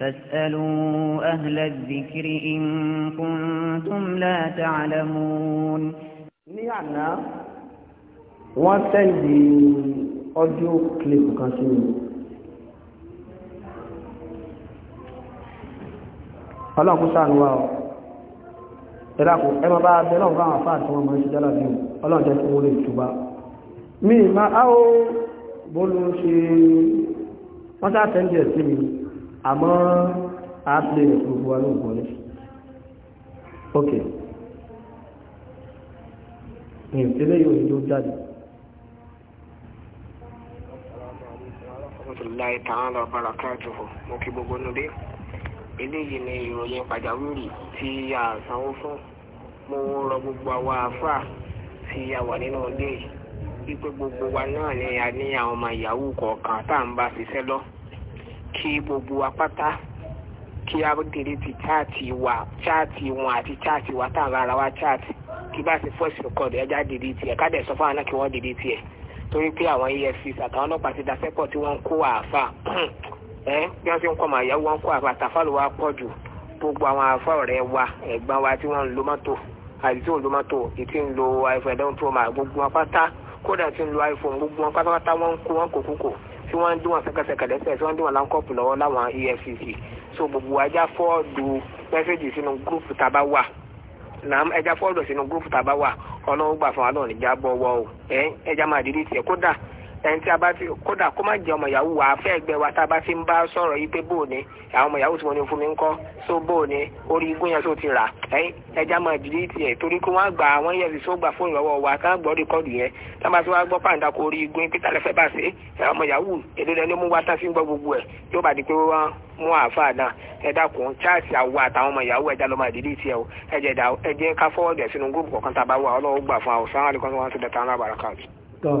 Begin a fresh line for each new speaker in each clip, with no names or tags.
فاسألوا أهل الذكر إن كنتم لا تعلمون ní àná
wọ́n sẹ́ndì ọdún kìlìpù kan sí mi ọlọ́run sáànù wa ọ̀ ẹ̀dàkù ẹmọ bá bẹ́lọ́n fáwọn àfáà tí wọ́n mọ̀ sí jálà bí ọlọ́run jẹ́ fún olè ìtùbá mi ma á ó bólú ṣe wọ́n sá sẹ́ndì ẹ̀ sí mi àmọ́ a play rẹ̀ fún wa ní ògùn ní ok hmm, ìpínlẹ̀ yóò ní ló jáde
tí a wà nínú ilé yìí gbogbo wa náà ni a ní àwọn ọmọ ìyàwó kọ̀ọ̀kan tá ń bá ṣiṣẹ́ lọ kí gbogbo apáta kí a dèrè ti chaati wa chaati wọn àti chaati wa tá à ń rárá wa chaati kí bá ti fọ́ọ̀sì rẹ̀kọ̀dù ẹja dèrè tiẹ̀ ká dẹ̀ sọ fún àwọn náà kí wọ́n dèrè tiẹ̀ torí pé àwọn efcc àtàwọn ọlọ́pàá ti dasẹ́pọ̀ tí wọ́n ń kó àáfà ẹ bí wọ́n ti ń kọ́ ọmọ àyàwó wọn ń kó àáfà àtàfà ló wá pọ̀ jù gbogbo àwọn àáfà ọ̀rẹ́ wa ẹ̀gbọ́n wa tí wọ́n ń lo mọ́tò àti tí ò ń lo mọ́tò ètí ń lo iphone ẹ̀dọ́n tó máa gbogbo wọn pátá kódà tí ń lo iphone gbogbo wọn pátápátá wọ́n ń kó wọn kò kúkò tí wọ́n ń dún wọn sẹ́kẹsẹ̀kẹ̀ lẹ́sẹ̀ tí wọ́n ń dún wọn láńkọ́pù lọ́wọ́ láwọn EFCC so gbogbo ajá fọ́ọ̀dù mẹ́sẹ̀gì sínú gúrúùpù tábà wà nàám ẹja fọ́ọ̀dù sínú gúrúùpù tábà wà ọlọ́run gbà fún wa lọ́run níjà bọ̀ wọ́ o ẹ ẹja máa dìde tiẹ̀ kódà ẹni tí a bá ti kódà kó má jẹ ọmọ yahoo wà fẹ́ wa tá a bá ti ń bá sọ̀rọ̀ yìí pé àwọn ọmọ yahoo tí wọ́n ní fún mi ń kọ́ so bóò ori orí igun yẹn tó ti rà ẹja máa dìde tiẹ̀ torí kí wọ́n gbà àwọn yẹn fìṣó gbà fóònù lọ́wọ́ wa ká gbọ́ rékọ́dù yẹn tá a bá ti wá gbọ́ pàǹdà kó orí igun pété alẹ́ fẹ́ bá ṣe ọmọ yahoo èdè lẹ́ni mú wa tá a fi ń gbọ́ gbogbo ẹ̀ yóò bá di pé wọ́n ọmọ yahoo ẹja ló máa dìde o ẹjẹ ẹjẹ ká a bá wà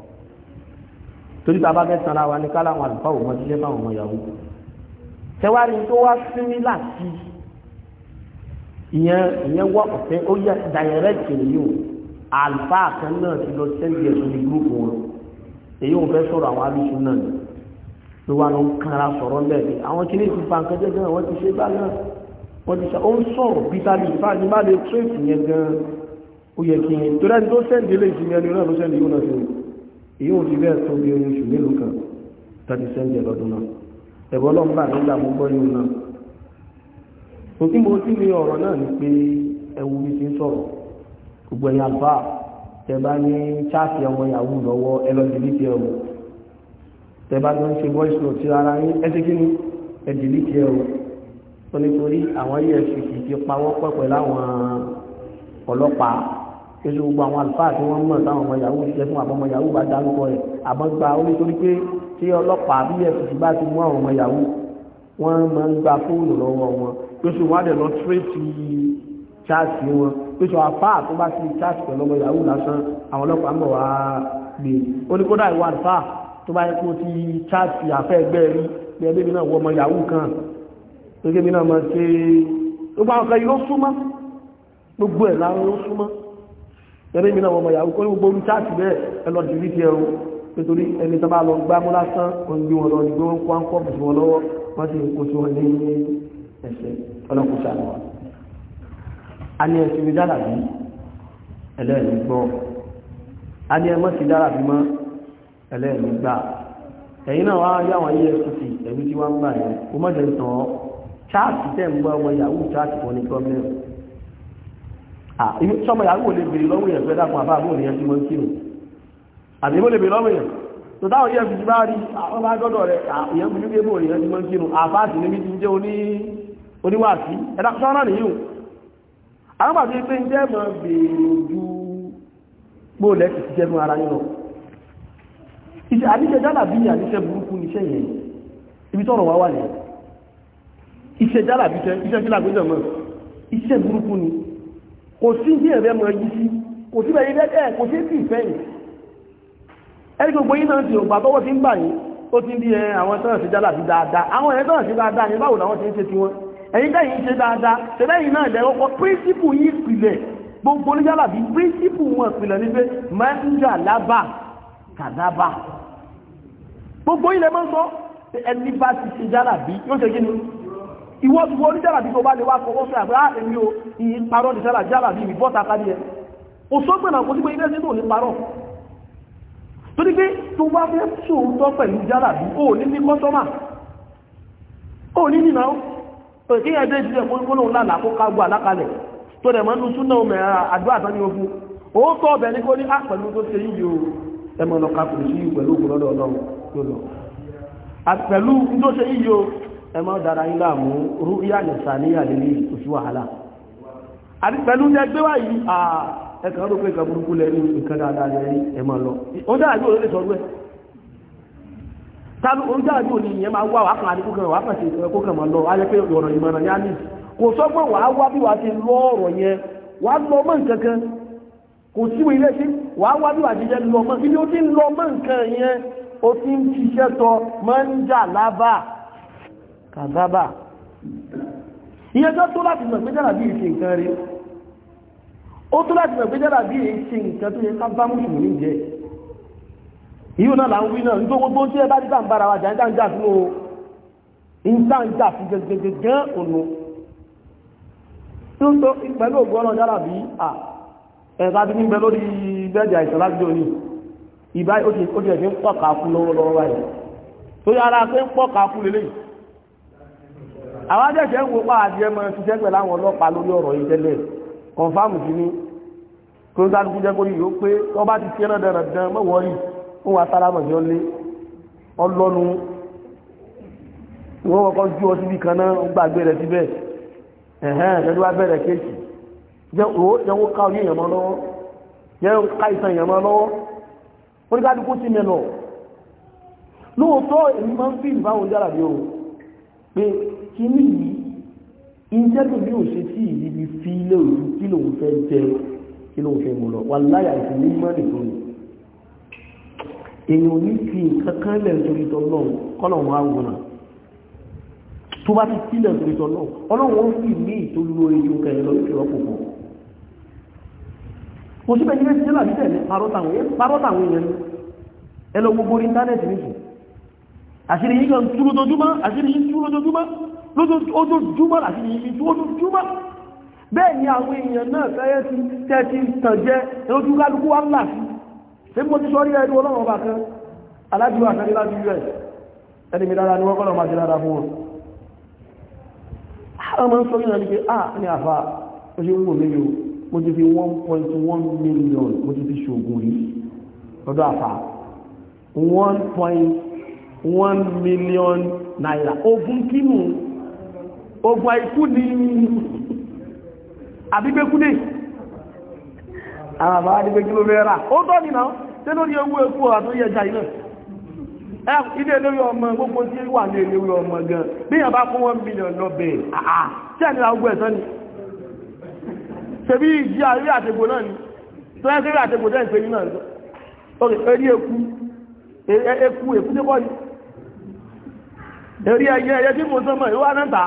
torí tá a bá fẹ́ sanra wa ní káláwọn àlùfáà òun ọdún lẹ́fà òun ọ̀yàwó tẹwárí tó wá sírí láti ìyẹn ìyẹn wọ ọ̀fẹ́ ó yẹ dàyẹrẹ́tì nìyí o àlùfáà kan náà ti lọ sẹ́ńdì ẹ̀sùn ní gúrúùpù wọn èyí ò fẹ́ sọ̀rọ̀ àwọn alùsùn náà ni ló wà ló kanra sọ̀rọ̀ lẹ́ẹ̀dẹ̀ àwọn kìíní ti fa nǹkan jẹ́gẹ́ wọ́n ti ṣe bá náà wọ́n ti ṣe ó ń sọ̀rọ̀ bitali ìfà ní má lè tírèsì yẹn gan ó yẹ kí n torí ẹni tó sẹ́ńdì ilé ìsinmi ẹni náà ló sẹ́ńdì yóò náà sí i èyí ò ti bẹ́ẹ̀ tó bí orin oṣù mélòó kan tàbí sẹ́ńjẹ̀ lọ́dún náà ẹ̀bọ́ ọlọ́mbà nígbà mú gbọ́ yóò náà kò tí mo sí ní ọ̀rọ̀ náà ni pé ẹwu bí ti ń sọ̀rọ̀ gbogbo ẹ̀yà bá tẹ̀bá ní chaasi ọmọ yahoo lọ́wọ́ ẹ lọ dìlítì ẹ̀rù tẹ̀bá tó ń ṣe voice note sí ara yín ẹ ti kí ni ẹ dìlítì ẹ̀rù tó nítorí àwọn efcc ti pawọ́ pẹ̀pẹ̀ láwọn ọlọ́pàá èso gbogbo àwọn àlùfáà tí wọ́n mọ̀ táwọn ọmọ yahoo ti jẹ́ fún àbọ̀mọ yahoo bá dárúkọ rẹ̀ àmọ́ gba ó nítorí pé tí ọlọ́pàá bí ẹ̀sìn bá ti mú àwọn ọmọ yahoo wọ́n máa ń gba fóònù lọ́wọ́ wọn pèsè wọn á dẹ̀ lọ tírèsì chaasi wọn pèsè àfáà tó bá ti chaasi pẹ̀lú ọmọ yahoo lásán àwọn ọlọ́pàá ń bọ̀ wá gbé oníkódà ìwà àlùfáà tó bá yẹ kó ti chaasi àfẹ́ ẹgbẹ́ rí pé ẹgbẹ́ mi náà wọ ọmọ yahoo kan pé ẹgbẹ́ mi náà máa ṣe gbogbo àwọn kan yìí ló súnmọ́ gbogbo ẹ̀ láwọn ló súnmọ́ tẹ́lẹ̀ mi náà wọ́n mọ̀ yàwó kó ní gbogbo orí táàtì bẹ́ẹ̀ ẹlọ dìrí ti ẹrù nítorí ẹni tó bá lọ gbá mú lásán òǹgbí wọn lọ ní gbé wọn kó àǹkọ́ bù sí wọn lọ́wọ́ wọ́n sì kó sí wọn ní
ẹsẹ̀ ọlọ́kùnrin
sàánú wa. a ní ẹsẹ̀ mi dára bí
ẹlẹ́ẹ̀mí gbọ́
a ní ẹmọ́ sí dára bí mọ́ ẹlẹ́ẹ̀mí gbà ẹ̀yin náà wá yáwọn efcc ẹ̀mí tí wọ́n ń gbà yẹn kó mọ̀ sọmọ yàrá wò lè bèrè lọ́wọ́ yẹn fẹ́ dákun àbá àbúrò yẹn tí wọ́n ń kírun àbí wọ́n lè bèrè lọ́wọ́ yẹn tó táwọn yẹn fi bá rí àwọn bá dọ́dọ̀ rẹ̀ yẹn fi níbi ebò yẹn tí wọ́n ń kírun àfáàsì níbi tí ń jẹ́ oníwàásí ẹ̀dá sọ́nà nìyíwò àwọn bàbá yìí pé ń jẹ́ mọ̀ bèrè ju gbóòlẹ̀ ti ti jẹ́nu ara yín lọ iṣẹ́ àníṣẹ́ jálàbí àníṣẹ́ burúkú níṣẹ́ yẹn ibi tọ́rọ̀ wá wà ní iṣẹ́ jálàbí iṣẹ́ kí lágbéjọ mọ́ iṣẹ́ burúkú kò sí bí ẹ̀rẹ́ mọ̀ ẹ̀yí sí kò sí bẹ̀rẹ̀ ẹ̀ẹ́ kò sí sí ìfẹ́ yìí ẹni gbogbo yìí náà ti ògbà tọ́wọ́ ti ń bà yìí ó ti ń bí ẹ àwọn tọ́rọ̀ sí jálà sí dáadáa àwọn ẹ̀rẹ́ tọ́rọ̀ sí dáadáa ní báwo làwọn ti ń ṣe ti wọn ẹ̀yin tẹ́yìn ṣe dáadáa tẹ́lẹ́yìn náà lẹ́ ọkọ̀ píríncípù yìí pìlẹ̀ gbogbo ní jálà bí píríncípù wọn pìlẹ̀ ní pé mẹ́ńjà lábà kàdábà gbogbo ilẹ̀ mọ́ sọ ẹni bá ti ṣe jálà bí yóò ìwọ gbogbo oníjàlàbí tó bá lè wá kọ́kọ́ sọ àgbà ah, èmi o ìyí parọ́ ní sálà jálàbí mi bọ́ta kárí ẹ o sọ pé náà kò sí pé ilé sínú òní parọ́ tó ní pé tó bá fẹ́ sóòótọ́ pẹ̀lú jálàbí o ní ní kọ́sọ́mà o ní nìna ó kí ẹgbẹ́ ìṣẹ́ kólóhùn lálàá kó ká gbọ́ àlákalẹ̀ tó dẹ̀ mọ́ nínú súnà ọmọ àdúrà tán ní ogun ó tọ́ ọbẹ̀ ní o pẹ̀lú ògùn E ma dára yín láàmú rúríà nìsà ní àdílé wàhálà àti pẹ̀lú ẹgbẹ́ wà yìí à ló pé nǹkan burúkú lẹ́rí nǹkan dáadáa lẹ́rí kò sọ pé wá bí ti lọ ọ̀rọ̀ yẹn lọ mọ́ nǹkan kan kò síwò ilé sí wá bí ti jẹ́ lọ mọ́ ibi ó lọ mọ́ nǹkan yẹn ó ti ń ṣiṣẹ́ tọ mọ́ kàzábà ìyẹn tó tó láti mọ̀ pé jẹ́rà bí ìṣe nǹkan rí ó tó láti mọ̀ pé jẹ́rà bí ìṣe nǹkan tó yẹ ká bá mùsùlùmí jẹ ìyóò náà là ń wí náà nítorí gbogbo tí ẹ bá dídá ń bára wa jà ń já ń já fún o ń já ń já fún gẹ́gẹ́gẹ́ ònà tí ó ń tó pẹ̀lú ògùn ọ̀nà jẹ́rà bí à ẹ̀ka bí níbẹ̀ lórí bẹ́ẹ̀dì àìsàn láti òní ìbá ó ti ẹ̀fín pọ̀ kàákú lọ́wọ́lọ́wọ́ báyìí tó yára pé ń pọ̀ kàákú lélẹ́yìí àwọn ajẹ́jẹ́ ń wopá àti ẹmọ ṣiṣẹ́ pẹ̀lú àwọn ọlọ́pàá lórí ọ̀rọ̀ yìí tẹ́lẹ̀ kọ̀nfàmù sí ní tó ń sáré jẹ́ kórìí ó pé wọ́n bá ti ṣe náà dẹ̀rẹ̀ dán mọ́wọ́rì fún wa sálámọ̀ sí ọlé ọlọ́nu wọ́n kọ́kọ́ jú ọ síbi kan náà gbàgbé rẹ̀ síbẹ̀ ẹ̀hẹ́n ẹ̀dẹ́dúwà bẹ̀rẹ̀ kéèkì jẹ́ owó ká orí èèyàn mọ́ lọ́wọ́ jẹ́ ká ìsan èèyàn mọ́ lọ́wọ́ oníkádùkú sí mẹ́lọ̀ lóòótọ́ èmi máa ń fi ìbáwọn jára bí ohun pé kí ní yìí iṣẹ́ tó bí òṣè tí ìdíbi fi ilé òru kí lòun fẹ́ jẹ kí lòun fẹ́ mú lọ wà láyà ìfún ní mọ́rin tó ní èèyàn ní fi nǹkan kan lẹ̀ nítorí tọ́lọ́ kọ́lọ̀wọ́n àwòrán tó bá ti sílẹ̀ nítorí tọ́lọ́ ọlọ́wọ́n sì ní ìtòlúwọ́ ẹjọ́ kẹrin lọ sí ọ̀pọ̀ pọ̀ kò síbẹ̀ ní fẹ́ sílẹ̀ àbí tẹ̀lé parọ́ táwọn èèyàn ẹ lọ gbogbo orí íńtánẹ́ẹ̀tì nìyí àṣírí yìí kan tú lójoojúmọ́ àṣírí yìí tú lójoojúmọ́ lójoojúmọ́ àṣírí yìí tú lójoojúmọ́ bẹ́ẹ̀ ni àwọn èèyàn náà fẹ́yẹ́ ti tẹ́tí tàn jẹ́ lójú kálukú wá ńlá sí ṣé mo ti sọ rí ẹrú ọlọ́run ọba kan alájúwà àtàrí lájú rẹ̀ ẹni mi dára ni wọ́n kọ́lọ̀ máa ti dára fún wọn àwọn ọmọ ń sọ yìí náà ní pé à ah, ní àfà ó ṣe ń wò mí o mo ti fi 1.1 million mo ti fi ṣoògùn yìí lọ́dọ̀ àfà 1 one million naira ogun kínú ogun àìkú ni àbígbékúdé àwọn àbáwá ní pé kí ló fẹ́ rà ó tọ́ nìna tí lórí owó epo àtúnyẹ china ẹ ilé lórí ọmọ gbogbo tí wà ní ilé lórí ọmọ gan bí yàn bá fún one million lọ bẹ̀ẹ̀ àà tí ẹni àwọn ẹ̀sán ni ṣebí ìjì àrí àtẹ̀gbò náà ni tó ẹ́ kéré àtẹ̀gbò tẹ́ ìpé yìí náà ok ẹ rí eku eku eku tí kọ́ yìí èrí ẹyẹ ẹyẹ tí mo sọmọ ìwọ anáta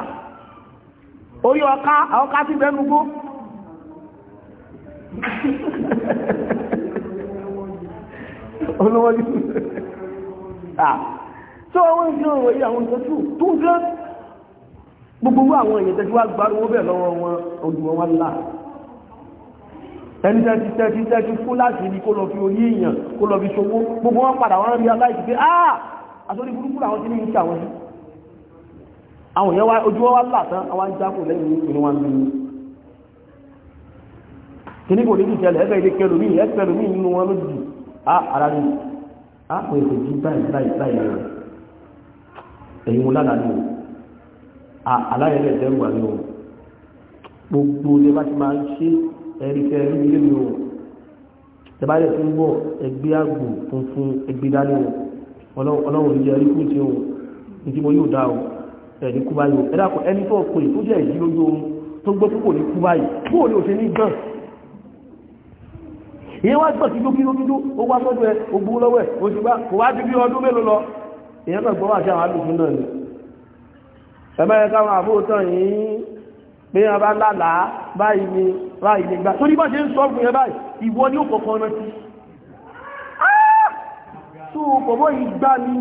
orí ọká ọká sí bẹnugbó olówó ní tó àwọn ìṣẹ́ òwò yìí àwọn ìṣẹ́jú tó ń jẹ́ gbogbo àwọn èèyàn tẹ́jú wá gbárùwó bẹ̀ lọ́wọ́ wọn ojú wọn wá láà ẹni tẹ́jú tẹ́jú tẹ́jú fún láti ibi kó lọ fi orí èèyàn kó lọ fi ṣòwò gbogbo wọn padà wọn rí aláìsí pé ah àtòrí burúkú làwọn ti ní ìṣẹ́ yìí àwọn èèyàn wá ojú wá látán àwọn jákò lẹ́yìn ní ìpínlẹ̀ wọn lórí kí ní kò ní ìjẹlẹ̀ ẹgbẹ́ ilé kẹlòmí ẹgbẹ̀lòmí nínú wọn ló jù á ara ní á pè é jí báyìí báyìí báyìí rẹ̀ èyí mo lánàá ní o ah, aláyẹ̀lẹ̀ dẹ́rù wà ní o gbogbo ilé bá ti máa ń ṣe ẹ̀rí kẹrin ilé mi o tẹ́bá yẹ fún bọ̀ ẹgbẹ́ àgbò funfun ẹgbẹ́ o ọlọ́run ìjẹ́ rí kú ti o ní kí mo yóò dá o ẹ̀rí kú báyìí ẹ dákun ẹni tó kò ì tó jẹ́ ìdí lójú oorun tó gbọ́ tó kò ní kú báyìí kó o ní òṣè ní gbọ́n ìyẹn wá gbọ́n kíjó kíjó kíjó ó wá sọ́dọ̀ ẹ ó gbowó lọ́wọ́ ẹ ó ti gbá kò wá ju bí ọdún mélòó lọ ìyẹn náà gbọ́ wà sí àwọn àlùfún náà ni ẹ̀bẹ́ yẹn káwọn àfóòtán yìí pé wọn bá lálàá báyìí ni báyìí ni gbà tó ní bá ṣe ń sọ fún yẹn báyìí ìwọ ni ó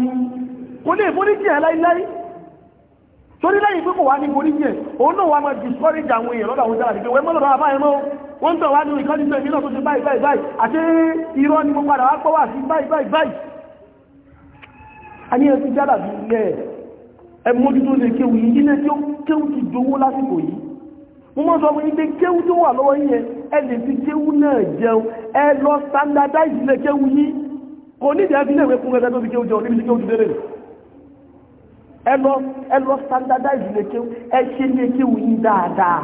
ni kò lè fún ní kí ẹ̀ láíláí torí lẹ́yìn pé kò wá ní borí yẹn òun náà wà máa discourage àwọn èèyàn lọ́dọ̀ àwọn ìjára wẹ́ mọ́lọ̀dọ̀ àbá ẹ̀mọ́ wọ́n tọ̀ wá ní ìkọ́lù ìgbẹ̀ ìmìnà tó ti báyìí báyìí báyìí àti irọ́ ni mo padà wá pọ́wà sí báyìí báyìí báyìí a ní ẹ̀sìn jára bí ilẹ̀ ẹ mójútó lè kéwù yìí ilé tí ó kéwù ti dowó lásìkò yìí mo mọ́ sọ fún ilé kéwù tó wà lọ́wọ́ yìí ẹ lè fi kéwù náà jẹun standardize ilé kéwù yìí kò ní ìdẹ́ fi lè wé kún ẹgbẹ́ tó ẹ lọ standardize leke ẹ ṣe leke wù yín dáadáa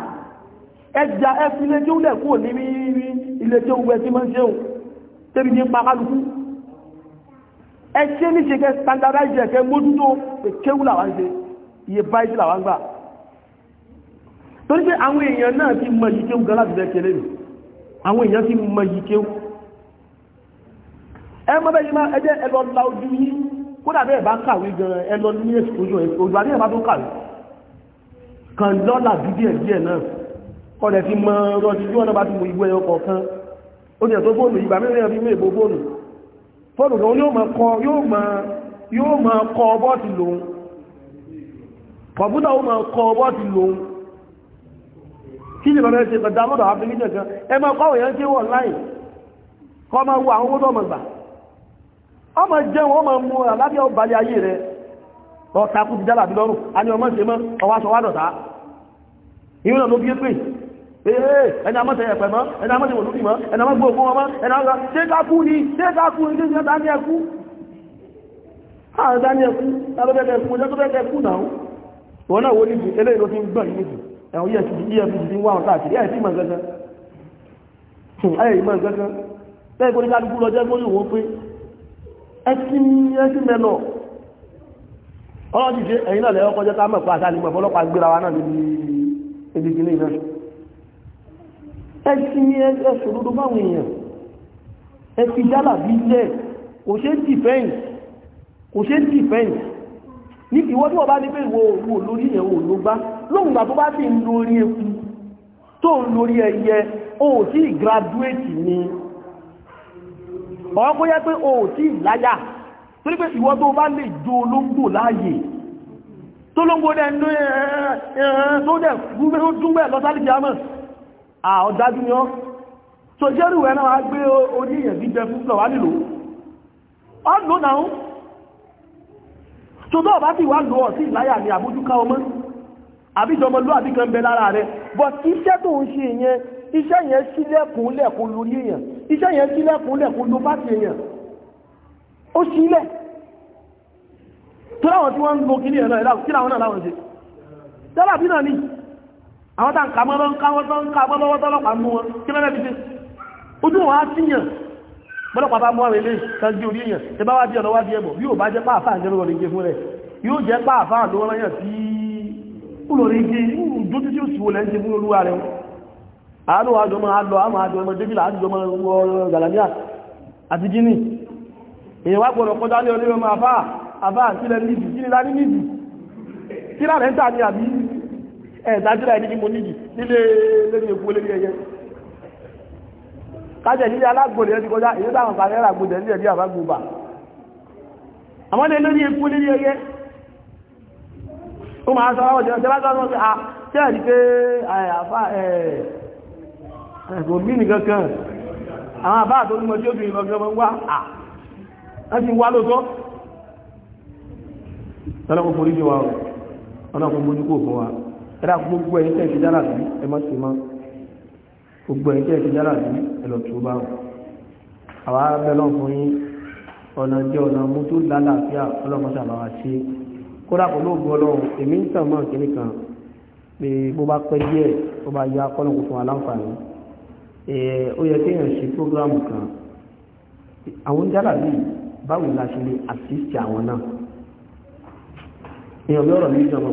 ẹ jà ẹ fi leke wù lẹ kúrò níbi ileke wù ẹ ti ṣe o tẹbi ní pa kálukú ẹ ní ṣe standardize kẹ mójútó pé kéwù làwọn ṣe iye báyìí làwọn gbà torí pé àwọn èèyàn náà ti mọ yìí kéwù gan láti fẹ́ kéré mi àwọn èèyàn ti mọ yìí kéwù ẹ mọ bẹ́ẹ̀ yìí máa ẹ jẹ́ ẹ lọ yìí kódà bẹ́ẹ̀ bá kàwé gan ẹ lọ ní èsìkójú ojú adé ẹ̀bá tó kàwé kan lọ́là dídíẹ̀ díẹ̀ náà kọ́lẹ̀ fi mọ rọjú bí wọ́n bá ti mú ìwé ẹyọ kọ̀ọ̀kan ó jẹ́ tó fóònù ìgbà mẹ́rin fi mú èbó fóònù fóònù kan yóò mọ kọ yóò mọ yóò mọ kọ bọ́ọ̀tì lòun kọ̀mpútà ó mọ kọ bọ́ọ̀tì lòun kí ni bàbá ẹ ṣe gbẹdàmọ́dọ̀ àfi níjẹ̀ kan ẹ máa kọ́ òyìn tí wọ́n láì kọ́ máa wo àwọn owó ọmọ jẹun ọmọ mú àlábíà ọbalẹ̀ ayé rẹ̀ ọ̀takú ti jálàbí lọ́rùn a ní ọmọ ṣe mọ́ ọwá sọ wá dọ̀ta ìrìnà ló bí é pè ẹni amọ́sẹ̀ ẹ̀pẹ̀ mọ́ ẹni amọ́sẹ̀ wòlúkì mọ́ ẹni amọ́gbọ́ ogun ọmọ ẹni amọ́gbọ́ ṣe kákú ní ṣe kákú ní ṣe dání ẹkú ààrẹ dání ẹkú tàbẹ́bẹ́ ẹkú ọjọ́ tó bẹ́ẹ̀ ẹkú náà wọ́n náà wó ní jù eléyìí ló fi ń gbọ́n yìí nìjù ẹ̀wọ̀n yẹ́ ti yẹ́ ti wá wọn káàkiri ẹ̀ sí mọ̀ gẹ́gẹ́ ẹtí mẹ́lọ ọlọ́run ti ṣe ẹ̀yìn náà lẹ́yọ́ kọjọ́ táàmù ẹ̀kọ́ àṣà nígbà fọlọ́pàá gbéra wa náà níbi ibi kìíní náà ẹtí ẹsùn dúdú báwọn èèyàn ẹtí jálà bí lẹ̀ kò ṣe dìfẹ́ǹsì kò ṣe dìfẹ́ǹsì ní ìwọ tí wọ́n bá ní pé ìwọ òru olórí yẹn ò ló gbá lóhùn gbà tó bá sì ń lórí eku tó ń lórí ẹyẹ ó sì graduate ni ọ̀rọ̀ kó yẹ pé o ò tí láyà torí pé ìwọ tó bá lè jo olóńgbò láàyè tó lóńgbò dẹ̀ ní ẹ̀ẹ́ tó dẹ̀ gúnbẹ̀ lọ́sálì jámọ̀ àọ̀dájú ni ọ́ tó jẹ́rù ẹ̀ náà gbé oníyàn jíjẹ fún lọ wá nílò ọdún náà tó tó bá ti wá lọ sí láyà ní àbójúká ọmọ àbíjọmọlú àbíkan bẹ lára rẹ̀ bọ̀ iṣẹ́ tó ń ṣe yẹn iṣẹ́ yẹn sílẹ̀kùn lẹ̀kùn lórí èèyàn iṣẹ́ yẹn sílẹ̀ fúnlẹ̀ kó ló bá ti èèyàn ó sílẹ̀ tó láwọn tí wọ́n ń lo kí ní ẹ̀nà ìlàwọ̀ kí láwọn náà láwọn ṣe tẹ́lá bí náà ní àwọn tá ń kà mọ́lọ́ ń ká wọ́n tán ń ká mọ́lọ́wọ́ tọ́lọ́pàá mú wọn kí lọ́lẹ́ fi ṣe ojú wọn á sí yàn bọ́lọ́pàá bá mú àwọn ilé ìtànjú orí èèyàn tẹ bá àánú àjọmọ́ àlọ àmà àjọmọ́ débìlà àjọmọ́ gàlàmíà àti gíní èyàn wá gbọ́dọ̀ kọjá lé olóyọmọ àbá àbá sílẹ̀ níbi kí ni láti níbi kí láti ń tàbí àbí ẹ̀ẹ́dájúra ẹni mo níbi nílé lórí ẹ̀kọ́ bí nìkan kan àwọn àbá àtọ́lúmọ̀ tí ó bìí lọ́gbọ́n wá à láti wá lóòtọ́ ọlọ́kùn forí jẹ wa o ọlọ́kùn mojú kò fún wa ẹ̀dá gbogbo ẹ̀yìn tẹ́ ìṣẹ́ dára sí ẹ má sí má gbogbo ẹ̀yìn tẹ́ ìṣẹ́ dára sí ẹlọ́ tí ó bá wọn àwa bẹ́lọ́ fún yín ọ̀nà jẹ́ ọ̀nà mú tó lálàáfíà ọlọ́mọṣà bá wa ṣe kódà kò ló gbọ́ lọ́wọ́ èmi ń tàn mọ́ kíní kan pé bó bá pẹ́ díẹ̀ bó bá ya kọ́lọ́kùn fún wa Eh, ó yẹ kéèyàn ṣe program kan àwọn jálàbí báwo la ṣe lè assist àwọn náà èèyàn bí ọ̀rọ̀ ní ìjọba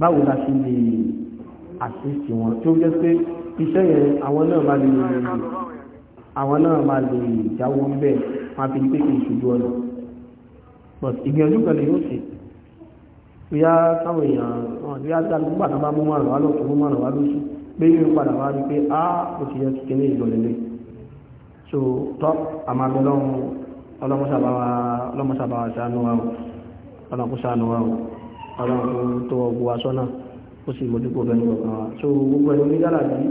báwo la ṣe lè assist wọn tí ó jẹ́ pé iṣẹ́ yẹn àwọn náà máa lè àwọn náà máa lè jáwọ́ ń bẹ̀ máa fi pé kí ìṣojú ọ̀nà but ìgbìyànjú kan lè yóò ṣe bóyá táwọn èèyàn bóyá dáa nígbà tó bá mú márùn-ún wá lọ́tún mú márùn-ún wá lóṣù pé yóò padà wá rí pé a ó ti yẹ kíkẹ́ ní ìlọlẹ́lẹ́ so tọ́ àmàlẹ́ lọ́run ọlọ́mọsàbáwà sánú wa ọlọ́mọsànú wa ọlọ́run tó ọgbọ́ wa sọ́nà ó sì mójúkò bẹ́ẹ̀ nìkan wa so gbogbo ẹni onígbàlá yìí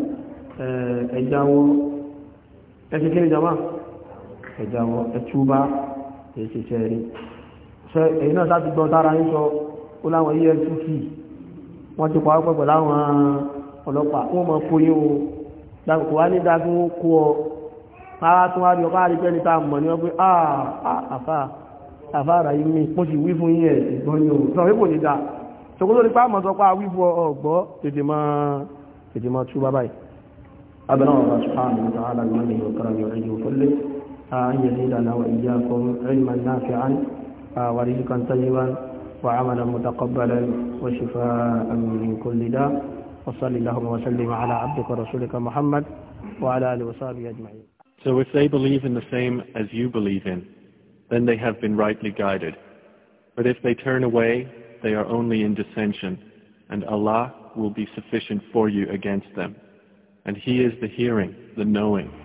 ẹjáwọ́ ẹsẹ̀ kí ni jama
ẹjáwọ́ ẹtúbá ẹsẹ̀ṣẹ̀ rí
ṣe èyí náà sáti gbọ́ tára ń sọ ó láwọn efcc wọ́n ti pa ọ́pẹ́ pẹ̀láwọn ọlọ́pàá wọ́n mọ̀ kó yín o dàgbò wá ní dájú wọn kó ọ máa tún wá rí ọkọ̀ àrígbẹ́ ní ta mọ̀ ní wọ́n pé àfà àrà yìí wí fún yín ìgbọ́n yìí sọ pé ní dáa ṣòkó lórí pàmò sọ pé fún ọgbọ́ tètè tú bábáyì abẹ́nà ọ̀rọ̀ subhanahu wa ta'ala
ní اللهم وسلم على عبدك ورسولك محمد وعلى آله وصحبه أجمعين So if they believe
in the same as you believe in, then they have been rightly guided. But if they turn away, they are only in dissension, and Allah will be sufficient for you against them. And He is the hearing, the knowing.